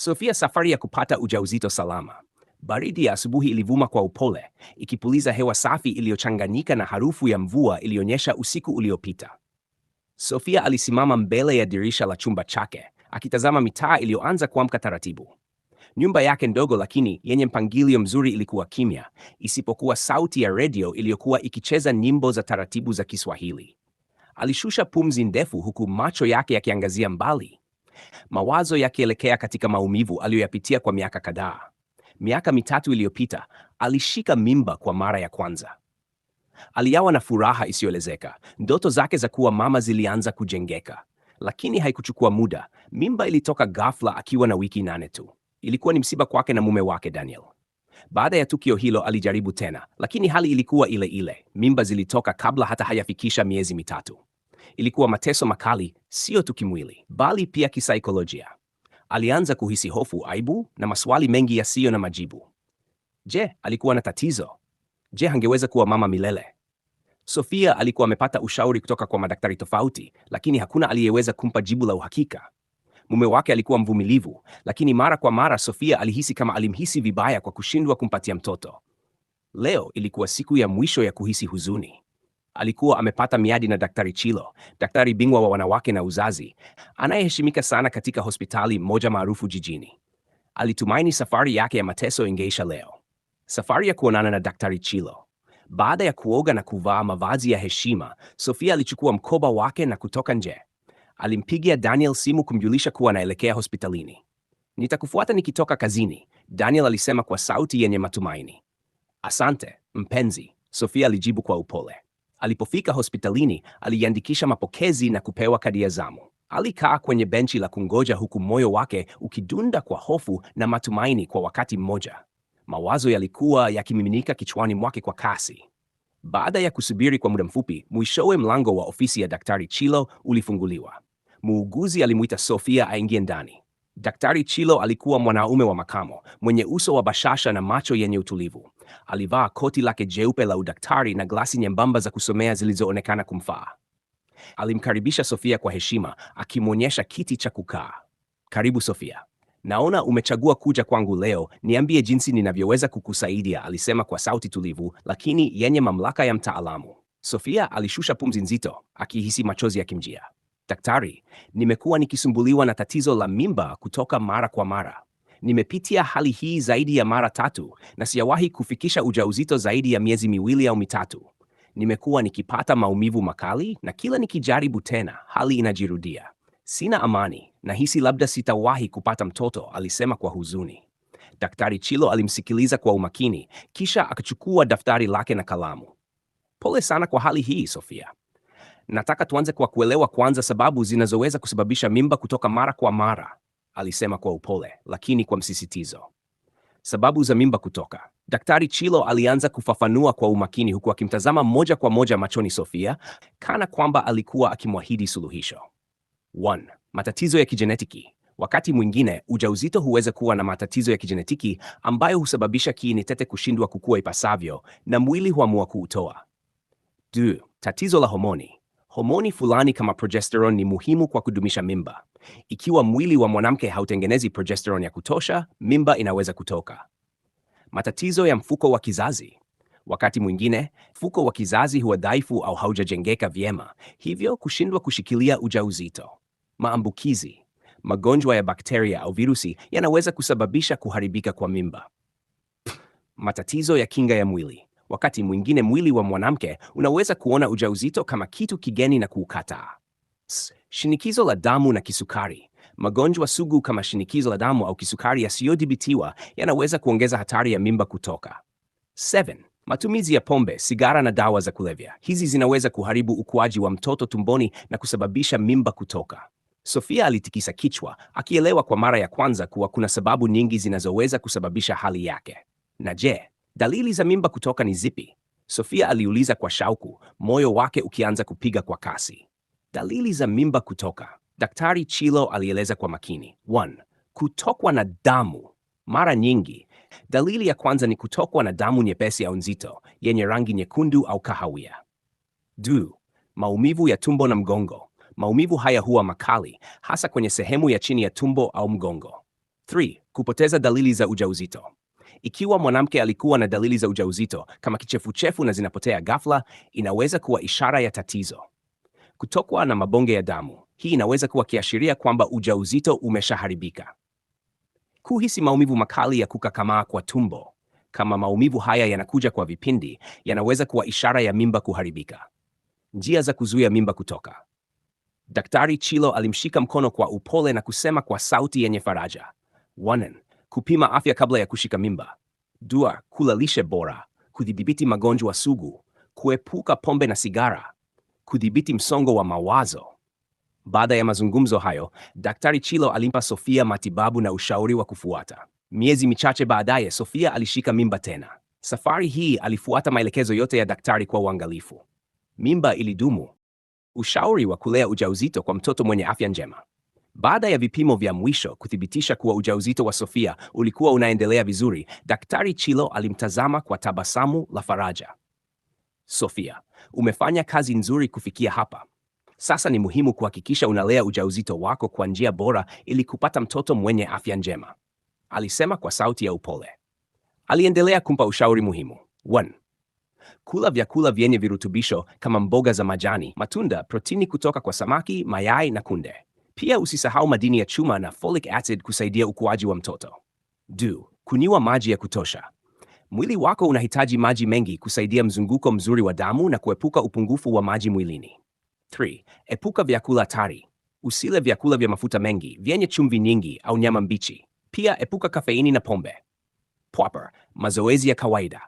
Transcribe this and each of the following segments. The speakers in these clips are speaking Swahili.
Sofia, safari ya kupata ujauzito salama. Baridi ya asubuhi ilivuma kwa upole, ikipuliza hewa safi iliyochanganyika na harufu ya mvua iliyonyesha usiku uliopita. Sofia alisimama mbele ya dirisha la chumba chake, akitazama mitaa iliyoanza kuamka taratibu. Nyumba yake ndogo lakini yenye mpangilio mzuri ilikuwa kimya, isipokuwa sauti ya redio iliyokuwa ikicheza nyimbo za taratibu za Kiswahili. Alishusha pumzi ndefu huku macho yake yakiangazia mbali mawazo yakielekea katika maumivu aliyoyapitia kwa miaka kadhaa. Miaka mitatu iliyopita alishika mimba kwa mara ya kwanza. Aliyawa na furaha isiyoelezeka. Ndoto zake za kuwa mama zilianza kujengeka, lakini haikuchukua muda. Mimba ilitoka ghafla akiwa na wiki nane tu. Ilikuwa ni msiba kwake na mume wake Daniel. Baada ya tukio hilo alijaribu tena, lakini hali ilikuwa ile ile. Mimba zilitoka kabla hata hayafikisha miezi mitatu ilikuwa mateso makali, sio tu kimwili, bali pia kisaikolojia. Alianza kuhisi hofu, aibu na maswali mengi yasiyo na majibu. Je, alikuwa na tatizo? Je, angeweza kuwa mama milele? Sofia alikuwa amepata ushauri kutoka kwa madaktari tofauti, lakini hakuna aliyeweza kumpa jibu la uhakika. Mume wake alikuwa mvumilivu, lakini mara kwa mara Sofia alihisi kama alimhisi vibaya kwa kushindwa kumpatia mtoto. Leo ilikuwa siku ya mwisho ya kuhisi huzuni alikuwa amepata miadi na Daktari Chilo, daktari bingwa wa wanawake na uzazi anayeheshimika sana katika hospitali moja maarufu jijini. Alitumaini safari yake ya mateso ingeisha leo. Safari ya kuonana na Daktari Chilo. Baada ya kuoga na kuvaa mavazi ya heshima, Sofia alichukua mkoba wake na kutoka nje. Alimpigia Daniel simu kumjulisha kuwa anaelekea hospitalini. Nitakufuata nikitoka kazini, Daniel alisema kwa sauti yenye matumaini. Asante, mpenzi, Sofia alijibu kwa upole. Alipofika hospitalini, aliandikisha mapokezi na kupewa kadi ya zamu. Alikaa kwenye benchi la kungoja huku moyo wake ukidunda kwa hofu na matumaini kwa wakati mmoja. Mawazo yalikuwa yakimiminika kichwani mwake kwa kasi. Baada ya kusubiri kwa muda mfupi, mwishowe mlango wa ofisi ya Daktari Chilo ulifunguliwa. Muuguzi alimuita Sofia aingie ndani. Daktari Chilo alikuwa mwanaume wa makamo mwenye uso wa bashasha na macho yenye utulivu. Alivaa koti lake jeupe la udaktari na glasi nyembamba za kusomea zilizoonekana kumfaa. Alimkaribisha Sofia kwa heshima, akimwonyesha kiti cha kukaa. Karibu Sofia, naona umechagua kuja kwangu leo. Niambie jinsi ninavyoweza kukusaidia, alisema kwa sauti tulivu lakini yenye mamlaka ya mtaalamu. Sofia alishusha pumzi nzito, akihisi machozi yakimjia. Daktari, nimekuwa nikisumbuliwa na tatizo la mimba kutoka mara kwa mara. Nimepitia hali hii zaidi ya mara tatu na sijawahi kufikisha ujauzito zaidi ya miezi miwili au mitatu. Nimekuwa nikipata maumivu makali na kila nikijaribu tena, hali inajirudia. Sina amani, nahisi labda sitawahi kupata mtoto, alisema kwa huzuni. Daktari Chilo alimsikiliza kwa umakini, kisha akachukua daftari lake na kalamu. Pole sana kwa hali hii, Sofia nataka tuanze kwa kuelewa kwanza sababu zinazoweza kusababisha mimba kutoka mara kwa mara, alisema kwa upole lakini kwa msisitizo. Sababu za mimba kutoka. Daktari Chilo alianza kufafanua kwa umakini, huku akimtazama moja kwa moja machoni Sofia, kana kwamba alikuwa akimwahidi suluhisho. One, matatizo ya kijenetiki. Wakati mwingine ujauzito huweza kuwa na matatizo ya kijenetiki ambayo husababisha kiini tete kushindwa kukua ipasavyo na mwili huamua kuutoa. tatizo la homoni. Homoni fulani kama progesterone ni muhimu kwa kudumisha mimba. Ikiwa mwili wa mwanamke hautengenezi progesterone ya kutosha, mimba inaweza kutoka. Matatizo ya mfuko wa kizazi. Wakati mwingine mfuko wa kizazi huwa dhaifu au haujajengeka vyema, hivyo kushindwa kushikilia ujauzito. Maambukizi. Magonjwa ya bakteria au virusi yanaweza kusababisha kuharibika kwa mimba. Matatizo ya kinga ya mwili. Wakati mwingine mwili wa mwanamke unaweza kuona ujauzito kama kitu kigeni na kuukataa. Shinikizo la damu na kisukari. Magonjwa sugu kama shinikizo la damu au kisukari yasiyodhibitiwa yanaweza kuongeza hatari ya mimba kutoka. 7. Matumizi ya pombe, sigara na dawa za kulevya. Hizi zinaweza kuharibu ukuaji wa mtoto tumboni na kusababisha mimba kutoka. Sofia alitikisa kichwa akielewa kwa mara ya kwanza kuwa kuna sababu nyingi zinazoweza kusababisha hali yake. Na je, Dalili za mimba kutoka ni zipi? Sofia aliuliza kwa shauku, moyo wake ukianza kupiga kwa kasi. Dalili za mimba kutoka, Daktari Chilo alieleza kwa makini. One, kutokwa na damu. Mara nyingi dalili ya kwanza ni kutokwa na damu nyepesi au nzito yenye rangi nyekundu au kahawia. Du, maumivu ya tumbo na mgongo. Maumivu haya huwa makali, hasa kwenye sehemu ya chini ya tumbo au mgongo. Three, kupoteza dalili za ujauzito. Ikiwa mwanamke alikuwa na dalili za ujauzito kama kichefuchefu na zinapotea ghafla, inaweza kuwa ishara ya tatizo. Kutokwa na mabonge ya damu, hii inaweza kuwa kiashiria kwamba ujauzito umeshaharibika. Kuhisi maumivu makali ya kukakamaa kwa tumbo, kama maumivu haya yanakuja kwa vipindi, yanaweza kuwa ishara ya mimba kuharibika. Njia za kuzuia mimba kutoka. Daktari Chilo alimshika mkono kwa upole na kusema kwa sauti yenye faraja, Wanen, kupima afya kabla ya kushika mimba, dua, kula lishe bora, kudhibiti magonjwa sugu, kuepuka pombe na sigara, kudhibiti msongo wa mawazo. Baada ya mazungumzo hayo, Daktari Chilo alimpa Sofia matibabu na ushauri wa kufuata. Miezi michache baadaye, Sofia alishika mimba tena. Safari hii alifuata maelekezo yote ya daktari kwa uangalifu. Mimba ilidumu. Ushauri wa kulea ujauzito kwa mtoto mwenye afya njema. Baada ya vipimo vya mwisho kuthibitisha kuwa ujauzito wa Sofia ulikuwa unaendelea vizuri, Daktari Chilo alimtazama kwa tabasamu la faraja. Sofia, umefanya kazi nzuri kufikia hapa. Sasa ni muhimu kuhakikisha unalea ujauzito wako kwa njia bora ili kupata mtoto mwenye afya njema, alisema kwa sauti ya upole. Aliendelea kumpa ushauri muhimu. One, kula vyakula vyenye virutubisho kama mboga za majani, matunda, protini kutoka kwa samaki, mayai na kunde. Pia usisahau madini ya chuma na folic acid kusaidia ukuaji wa mtoto. Du, kunywa maji ya kutosha. Mwili wako unahitaji maji mengi kusaidia mzunguko mzuri wa damu na kuepuka upungufu wa maji mwilini. 3. Epuka vyakula hatari. Usile vyakula vya mafuta mengi, vyenye chumvi nyingi au nyama mbichi. Pia epuka kafeini na pombe. Proper, mazoezi ya kawaida.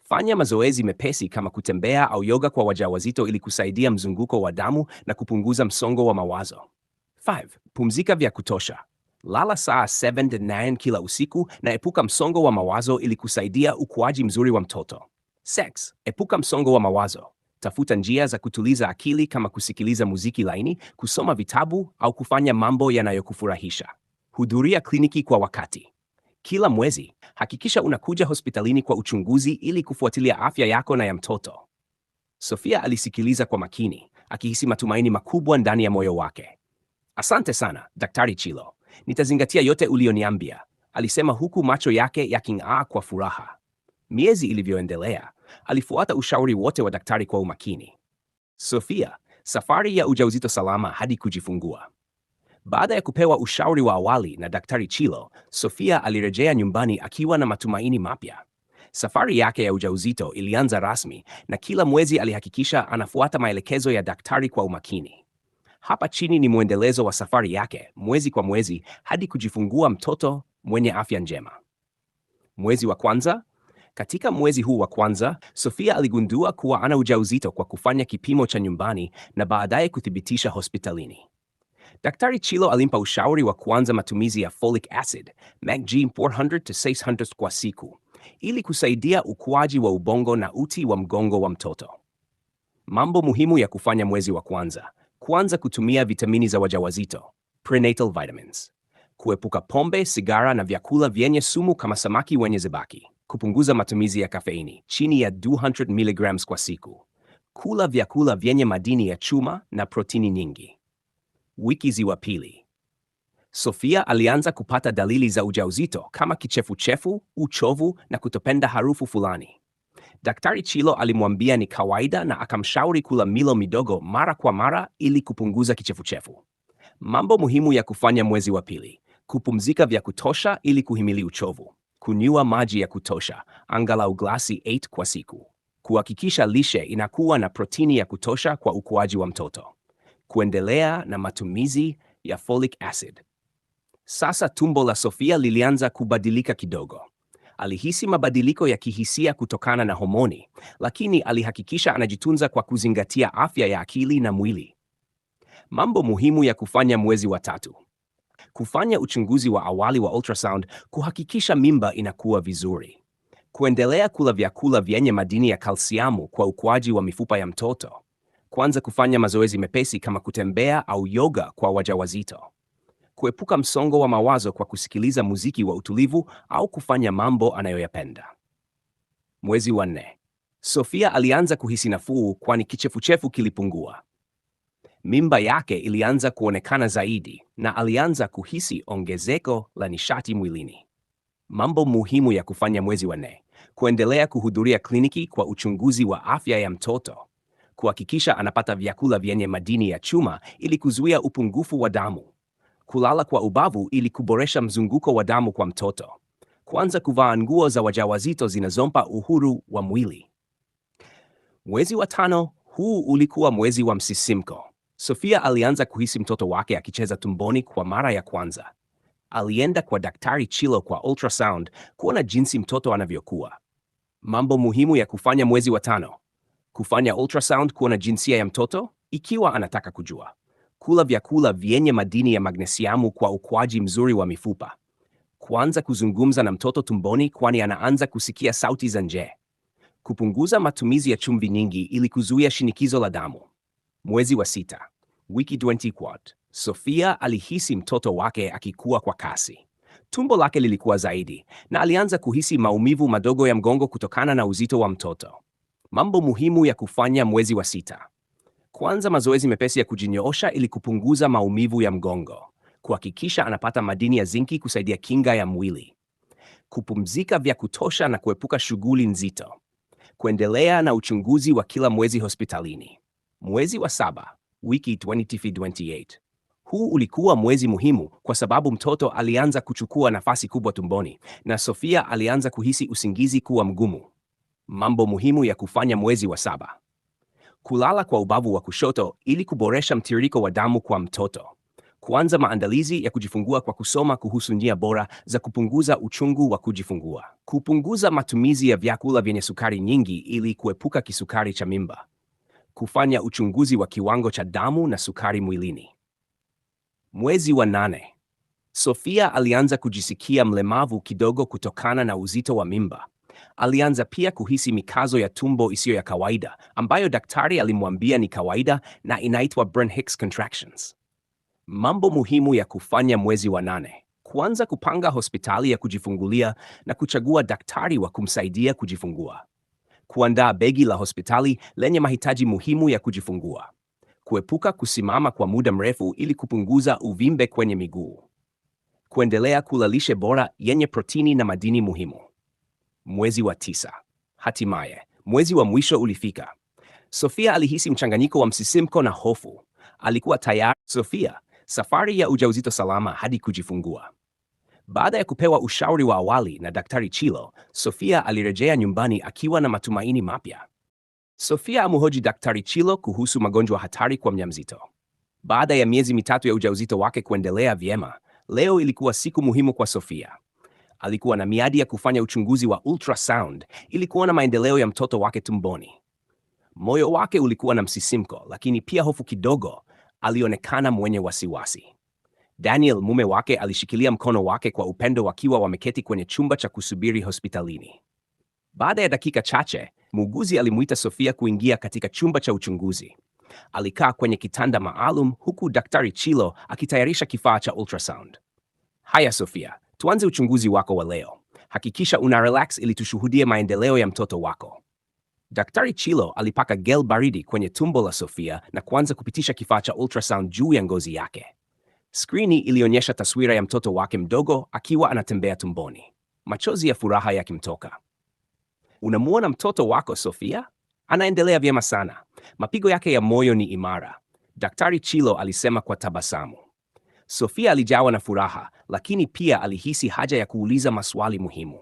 Fanya mazoezi mepesi kama kutembea au yoga kwa wajawazito ili kusaidia mzunguko wa damu na kupunguza msongo wa mawazo. 5. Pumzika vya kutosha. Lala saa 7 to 9 kila usiku na epuka msongo wa mawazo ili kusaidia ukuaji mzuri wa mtoto. 6. Epuka msongo wa mawazo. Tafuta njia za kutuliza akili kama kusikiliza muziki laini, kusoma vitabu au kufanya mambo yanayokufurahisha. Hudhuria kliniki kwa wakati. Kila mwezi hakikisha unakuja hospitalini kwa uchunguzi ili kufuatilia afya yako na ya mtoto. Sofia alisikiliza kwa makini, akihisi matumaini makubwa ndani ya moyo wake. Asante sana Daktari Chilo, nitazingatia yote ulioniambia, alisema huku macho yake yaking'aa kwa furaha. Miezi ilivyoendelea, alifuata ushauri wote wa daktari kwa umakini. Sofia, safari ya ujauzito salama hadi kujifungua. Baada ya kupewa ushauri wa awali na Daktari Chilo, Sofia alirejea nyumbani akiwa na matumaini mapya. Safari yake ya ujauzito ilianza rasmi na kila mwezi alihakikisha anafuata maelekezo ya daktari kwa umakini. Hapa chini ni mwendelezo wa safari yake mwezi kwa mwezi hadi kujifungua mtoto mwenye afya njema. Mwezi wa kwanza. Katika mwezi huu wa kwanza, Sofia aligundua kuwa ana ujauzito kwa kufanya kipimo cha nyumbani na baadaye kuthibitisha hospitalini. Daktari Chilo alimpa ushauri wa kuanza matumizi ya folic acid MACG 400 to 600 kwa siku ili kusaidia ukuaji wa ubongo na uti wa mgongo wa mtoto. Mambo muhimu ya kufanya mwezi wa kwanza: kuanza kutumia vitamini za wajawazito prenatal vitamins, kuepuka pombe, sigara na vyakula vyenye sumu kama samaki wenye zebaki, kupunguza matumizi ya kafeini chini ya 200 mg kwa siku, kula vyakula vyenye madini ya chuma na protini nyingi. Wiki ziwa pili, Sofia alianza kupata dalili za ujauzito kama kichefuchefu, uchovu na kutopenda harufu fulani. Daktari Chilo alimwambia ni kawaida na akamshauri kula milo midogo mara kwa mara ili kupunguza kichefuchefu. Mambo muhimu ya kufanya mwezi wa pili: kupumzika vya kutosha ili kuhimili uchovu, kunywa maji ya kutosha, angalau glasi 8 kwa siku, kuhakikisha lishe inakuwa na protini ya kutosha kwa ukuaji wa mtoto, kuendelea na matumizi ya folic acid. Sasa tumbo la Sofia lilianza kubadilika kidogo. Alihisi mabadiliko ya kihisia kutokana na homoni, lakini alihakikisha anajitunza kwa kuzingatia afya ya akili na mwili. Mambo muhimu ya kufanya mwezi wa tatu: kufanya uchunguzi wa awali wa ultrasound kuhakikisha mimba inakuwa vizuri, kuendelea kula vyakula vyenye madini ya kalsiamu kwa ukuaji wa mifupa ya mtoto, kwanza kufanya mazoezi mepesi kama kutembea au yoga kwa wajawazito kuepuka msongo wa mawazo kwa kusikiliza muziki wa utulivu au kufanya mambo anayoyapenda. Mwezi wa nne, Sofia alianza kuhisi nafuu, kwani kichefuchefu kilipungua. Mimba yake ilianza kuonekana zaidi na alianza kuhisi ongezeko la nishati mwilini. Mambo muhimu ya kufanya mwezi wa nne: kuendelea kuhudhuria kliniki kwa uchunguzi wa afya ya mtoto, kuhakikisha anapata vyakula vyenye madini ya chuma ili kuzuia upungufu wa damu, kulala kwa ubavu ili kuboresha mzunguko wa damu kwa mtoto. Kwanza, kuvaa nguo za wajawazito zinazompa uhuru wa mwili. Mwezi wa tano huu ulikuwa mwezi wa msisimko. Sofia alianza kuhisi mtoto wake akicheza tumboni kwa mara ya kwanza. Alienda kwa Daktari Chilo kwa ultrasound kuona jinsi mtoto anavyokuwa. Mambo muhimu ya kufanya mwezi wa tano: kufanya ultrasound kuona jinsia ya mtoto ikiwa anataka kujua. Kula vyakula vyenye madini ya magnesiamu kwa ukuaji mzuri wa mifupa. Kwanza kuzungumza na mtoto tumboni, kwani anaanza kusikia sauti za nje. Kupunguza matumizi ya chumvi nyingi ili kuzuia shinikizo la damu. Mwezi wa sita, wiki 20 quad, Sofia alihisi mtoto wake akikua kwa kasi. Tumbo lake lilikuwa zaidi na alianza kuhisi maumivu madogo ya mgongo kutokana na uzito wa mtoto. Mambo muhimu ya kufanya mwezi wa sita: kwanza, mazoezi mepesi ya kujinyoosha ili kupunguza maumivu ya mgongo, kuhakikisha anapata madini ya zinki kusaidia kinga ya mwili, kupumzika vya kutosha na kuepuka shughuli nzito, kuendelea na uchunguzi wa kila mwezi hospitalini. Mwezi wa saba, wiki 28. Huu ulikuwa mwezi muhimu kwa sababu mtoto alianza kuchukua nafasi kubwa tumboni na Sofia alianza kuhisi usingizi kuwa mgumu. Mambo muhimu ya kufanya mwezi wa saba kulala kwa ubavu wa kushoto ili kuboresha mtiririko wa damu kwa mtoto, kuanza maandalizi ya kujifungua kwa kusoma kuhusu njia bora za kupunguza uchungu wa kujifungua, kupunguza matumizi ya vyakula vyenye sukari nyingi ili kuepuka kisukari cha mimba, kufanya uchunguzi wa kiwango cha damu na sukari mwilini. Mwezi wa nane, Sofia alianza kujisikia mlemavu kidogo kutokana na uzito wa mimba. Alianza pia kuhisi mikazo ya tumbo isiyo ya kawaida ambayo daktari alimwambia ni kawaida na inaitwa Bren Hicks contractions. Mambo muhimu ya kufanya mwezi wa nane: kuanza kupanga hospitali ya kujifungulia na kuchagua daktari wa kumsaidia kujifungua, kuandaa begi la hospitali lenye mahitaji muhimu ya kujifungua, kuepuka kusimama kwa muda mrefu ili kupunguza uvimbe kwenye miguu, kuendelea kula lishe bora yenye protini na madini muhimu. Mwezi wa tisa. Hatimaye mwezi wa mwisho ulifika. Sofia alihisi mchanganyiko wa msisimko na hofu. Alikuwa tayari Sofia, safari ya ujauzito salama hadi kujifungua. Baada ya kupewa ushauri wa awali na Daktari Chilo, Sofia alirejea nyumbani akiwa na matumaini mapya. Sofia amuhoji Daktari Chilo kuhusu magonjwa hatari kwa mjamzito. Baada ya miezi mitatu ya ujauzito wake kuendelea vyema, leo ilikuwa siku muhimu kwa Sofia alikuwa na miadi ya kufanya uchunguzi wa ultrasound ili kuona maendeleo ya mtoto wake tumboni. Moyo wake ulikuwa na msisimko, lakini pia hofu kidogo. Alionekana mwenye wasiwasi. Daniel, mume wake, alishikilia mkono wake kwa upendo, wakiwa wameketi kwenye chumba cha kusubiri hospitalini. Baada ya dakika chache, muuguzi alimuita Sofia kuingia katika chumba cha uchunguzi. Alikaa kwenye kitanda maalum, huku daktari Chilo akitayarisha kifaa cha ultrasound. Haya, Sofia, Tuanze uchunguzi wako wa leo. Hakikisha una relax ili tushuhudie maendeleo ya mtoto wako. Daktari Chilo alipaka gel baridi kwenye tumbo la Sofia na kuanza kupitisha kifaa cha ultrasound juu ya ngozi yake. Skrini ilionyesha taswira ya mtoto wake mdogo akiwa anatembea tumboni, machozi ya furaha yakimtoka. Unamuona mtoto wako Sofia anaendelea vyema sana, mapigo yake ya moyo ni imara, Daktari Chilo alisema kwa tabasamu. Sofia alijawa na furaha, lakini pia alihisi haja ya kuuliza maswali muhimu.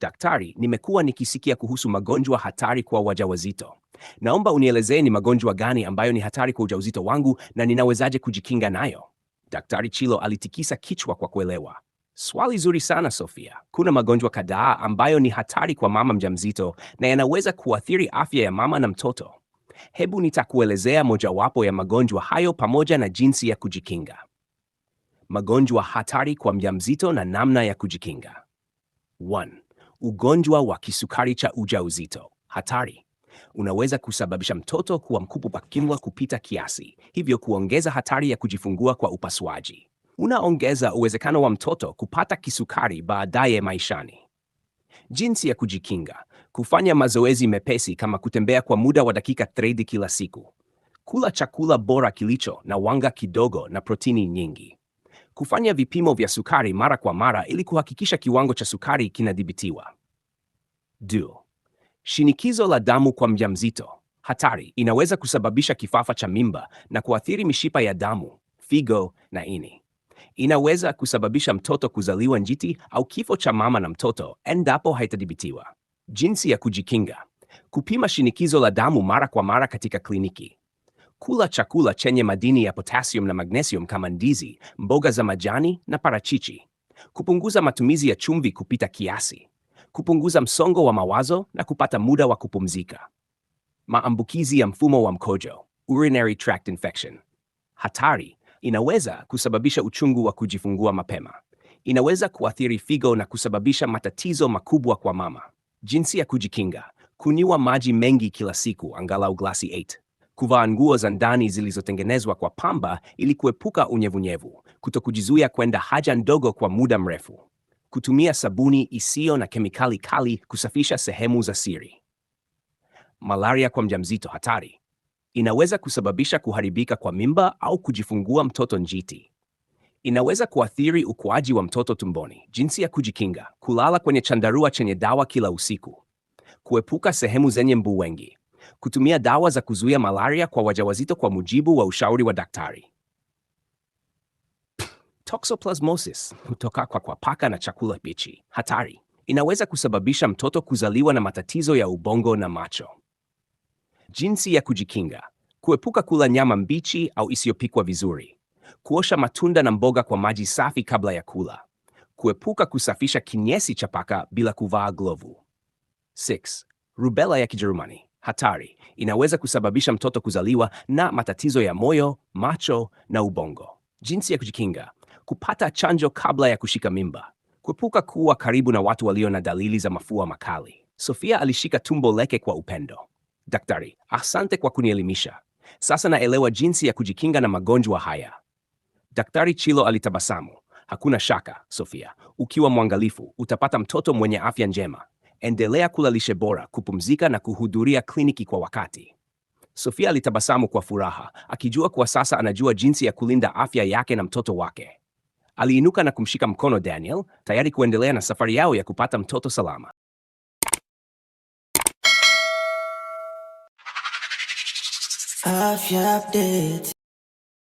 Daktari, nimekuwa nikisikia kuhusu magonjwa hatari kwa wajawazito. Naomba unielezee ni magonjwa gani ambayo ni hatari kwa ujauzito wangu na ninawezaje kujikinga nayo? Daktari Chilo alitikisa kichwa kwa kuelewa. Swali zuri sana Sofia. Kuna magonjwa kadhaa ambayo ni hatari kwa mama mjamzito na yanaweza kuathiri afya ya mama na mtoto. Hebu nitakuelezea mojawapo ya magonjwa hayo pamoja na jinsi ya kujikinga magonjwa hatari kwa mjamzito na namna ya kujikinga. 1. Ugonjwa wa kisukari cha ujauzito hatari unaweza kusababisha mtoto kuwa mkubwa kimwa kupita kiasi, hivyo kuongeza hatari ya kujifungua kwa upasuaji. Unaongeza uwezekano wa mtoto kupata kisukari baadaye maishani. Jinsi ya kujikinga: kufanya mazoezi mepesi kama kutembea kwa muda wa dakika 30 kila siku, kula chakula bora kilicho na wanga kidogo na protini nyingi, kufanya vipimo vya sukari mara kwa mara ili kuhakikisha kiwango cha sukari kinadhibitiwa. Du, Shinikizo la damu kwa mjamzito hatari, inaweza kusababisha kifafa cha mimba na kuathiri mishipa ya damu, figo na ini. Inaweza kusababisha mtoto kuzaliwa njiti au kifo cha mama na mtoto endapo haitadhibitiwa. Jinsi ya kujikinga: kupima shinikizo la damu mara kwa mara katika kliniki. Kula chakula chenye madini ya potassium na magnesium kama ndizi, mboga za majani na parachichi. Kupunguza matumizi ya chumvi kupita kiasi. Kupunguza msongo wa mawazo na kupata muda wa kupumzika. Maambukizi ya mfumo wa mkojo, urinary tract infection. Hatari: inaweza kusababisha uchungu wa kujifungua mapema. Inaweza kuathiri figo na kusababisha matatizo makubwa kwa mama. Jinsi ya kujikinga: kunywa maji mengi kila siku, angalau glasi 8 kuvaa nguo za ndani zilizotengenezwa kwa pamba ili kuepuka unyevunyevu, kutokujizuia kwenda haja ndogo kwa muda mrefu, kutumia sabuni isiyo na kemikali kali kusafisha sehemu za siri. Malaria kwa mjamzito hatari, inaweza kusababisha kuharibika kwa mimba au kujifungua mtoto njiti. Inaweza kuathiri ukuaji wa mtoto tumboni. Jinsi ya kujikinga: kulala kwenye chandarua chenye dawa kila usiku, kuepuka sehemu zenye mbu wengi, kutumia dawa za kuzuia malaria kwa wajawazito kwa mujibu wa ushauri wa daktari. Toxoplasmosis hutoka kwa kwa paka na chakula pichi. Hatari inaweza kusababisha mtoto kuzaliwa na matatizo ya ubongo na macho. Jinsi ya kujikinga: kuepuka kula nyama mbichi au isiyopikwa vizuri, kuosha matunda na mboga kwa maji safi kabla ya kula, kuepuka kusafisha kinyesi cha paka bila kuvaa glovu. 6. Rubella ya Kijerumani hatari, inaweza kusababisha mtoto kuzaliwa na matatizo ya moyo, macho na ubongo. Jinsi ya kujikinga: kupata chanjo kabla ya kushika mimba, kuepuka kuwa karibu na watu walio na dalili za mafua makali. Sofia alishika tumbo lake kwa upendo. Daktari, asante kwa kunielimisha. Sasa naelewa jinsi ya kujikinga na magonjwa haya. Daktari Chilo alitabasamu. Hakuna shaka, Sofia, ukiwa mwangalifu utapata mtoto mwenye afya njema endelea kula lishe bora, kupumzika na kuhudhuria kliniki kwa wakati. Sofia alitabasamu kwa furaha, akijua kuwa sasa anajua jinsi ya kulinda afya yake na mtoto wake. Aliinuka na kumshika mkono Daniel, tayari kuendelea na safari yao ya kupata mtoto salama. Afya update.